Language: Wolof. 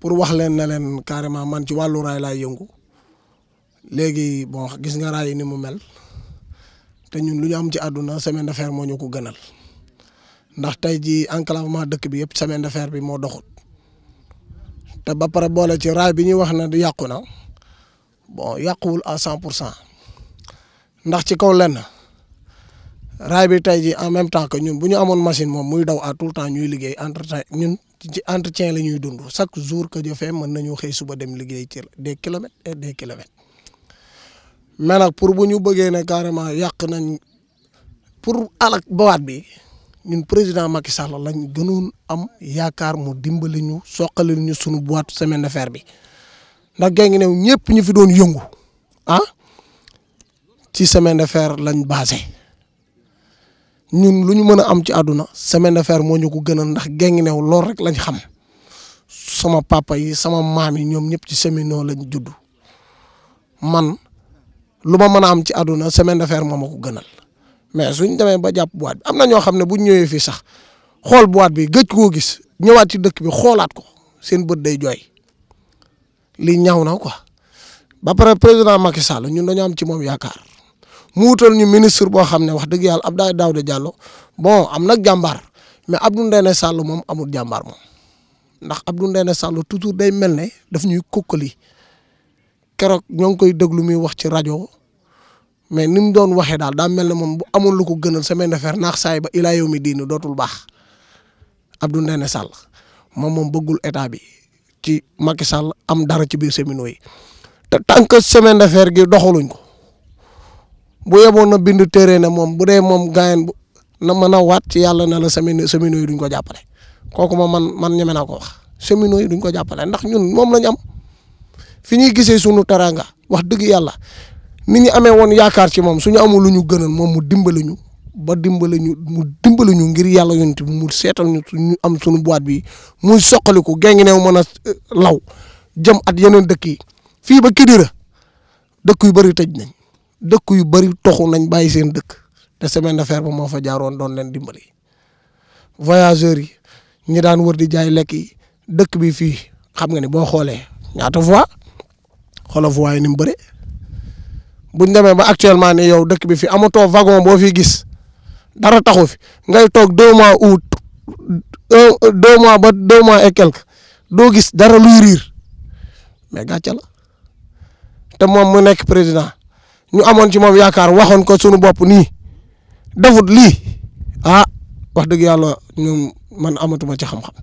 pour wax leen ne leen carrément man ci wàllu raay laay yëngu léegi bon gis nga raay ni mu mel te ñun lu ñu am ci àdduna semaine d'affaires moo ñu ko gënal ndax tey ji enclavement dëkk bi yëpp semaine de d'affaires bi moo doxut te ba pare boole ci raay bi ñuy wax ne yàqu na bon yàquwul à cent pour cent ndax ci kaw lenn. raay bi tey ji en même temps que ñun bu ñu amoon machine moom muy daw a tout le temps ñuy liggéey entretien ñun ci entretien la ñuy dund chaque jour que jëfee mën nañu xëy suba dem liggéey ci des kilomètres et des kilomètres mais nag pour bu ñu bëggee ne carrément yàq nañ pour alak bawaat bi ñun président Macky Sall lañ gënoon am yaakaar mu dimbali ñu soqali ñu suñu boîte semaine de fer bi ndax gée ngi new ñëpp ñu fi doon yëngu ah ci semaine de fer lañ basé ñun lu ñu mën a am ci àdduna semaine de fer moo ñu ko gënal ndax gengi new lool rek la lañ xam sama papa yi sama maam yi ñoom ñëpp ci Séminole lañ judd man lu ma mën a am ci àdduna semaine de fer moo ma ko gënal mais suñ demee ba jàpp boîte bi am na ñoo xam ne buñ ñëwee fii sax xool boîte bi gëj koo gis ñëwaat ci dëkk bi xoolaat ko seen bët day jooy lii ñaaw na ko ba pare président Macky Sall ñun dañoo am ci moom yaakaar. mu wutal ñu ministre boo xam ne wax ab yàlla Abdoulaye de Diallo bon am nag jàmbaar mais Abdou Ndéné Sall moom amul jàmbaar moom ndax Abdou Ndéné Sall toujours day mel ne daf ñuy kukkali keroog ñoo ngi koy déglu muy wax ci rajo mais ni mu doon waxee daal daa mel ne moom bu amoon lu ko gënal semaine de fer naax saay ba ilaa yow mi diini dootul baax Abdou Ndéné Sall moom moom bëggul état bi ci Macky Sall am dara ci biir séminaire yi te tant que semaine de fer gi doxuluñ ko. bu yeboon na bind téere ne moom bu dee moom gaayen bu na mën a waat ci yàlla ne la semino semino yi duñ ko jàppale kooku moom man man ñeme naa ko wax semino yi duñ ko jàppale ndax ñun moom lañ am fi ñuy gisee sunu teraanga wax dëgg yàlla nit ñi amee woon yaakaar ci moom suñu amul lu ñu gënal moom mu dimbali ñu ba dimbali ñu mu dimbali ñu ngir yàlla yonent bi mu seetal ñu ñu am suñu boîte bi muy soqaliku gengi new mën a eh, law jëm at yeneen dëkk yi fii ba Kidira dëkk yu bëri tëj nañ dëkk yu bëri toxu nañ bàyyi seen dëkk te semaine d'affaires ba moo fa jaaroon doon leen dimbali voyageurs yi ñi daan war di jaay lekk yi dëkk bi fii xam nga ni boo xoolee ñaata voie xoola voie yi ni mu bëri buñ demee ba actuellement ni yow dëkk bi fi amatoo vagon boo fi gis dara taxu fi ngay toog deux mois août deux mois ba deux mois et quelque doo gis dara luy riir mais te moom mu nekk président ñu amoon ci moom yaakaar waxoon ko sunu bopp nii defut lii ah wax dëgg yàlla man man amatuma ci xam-xam.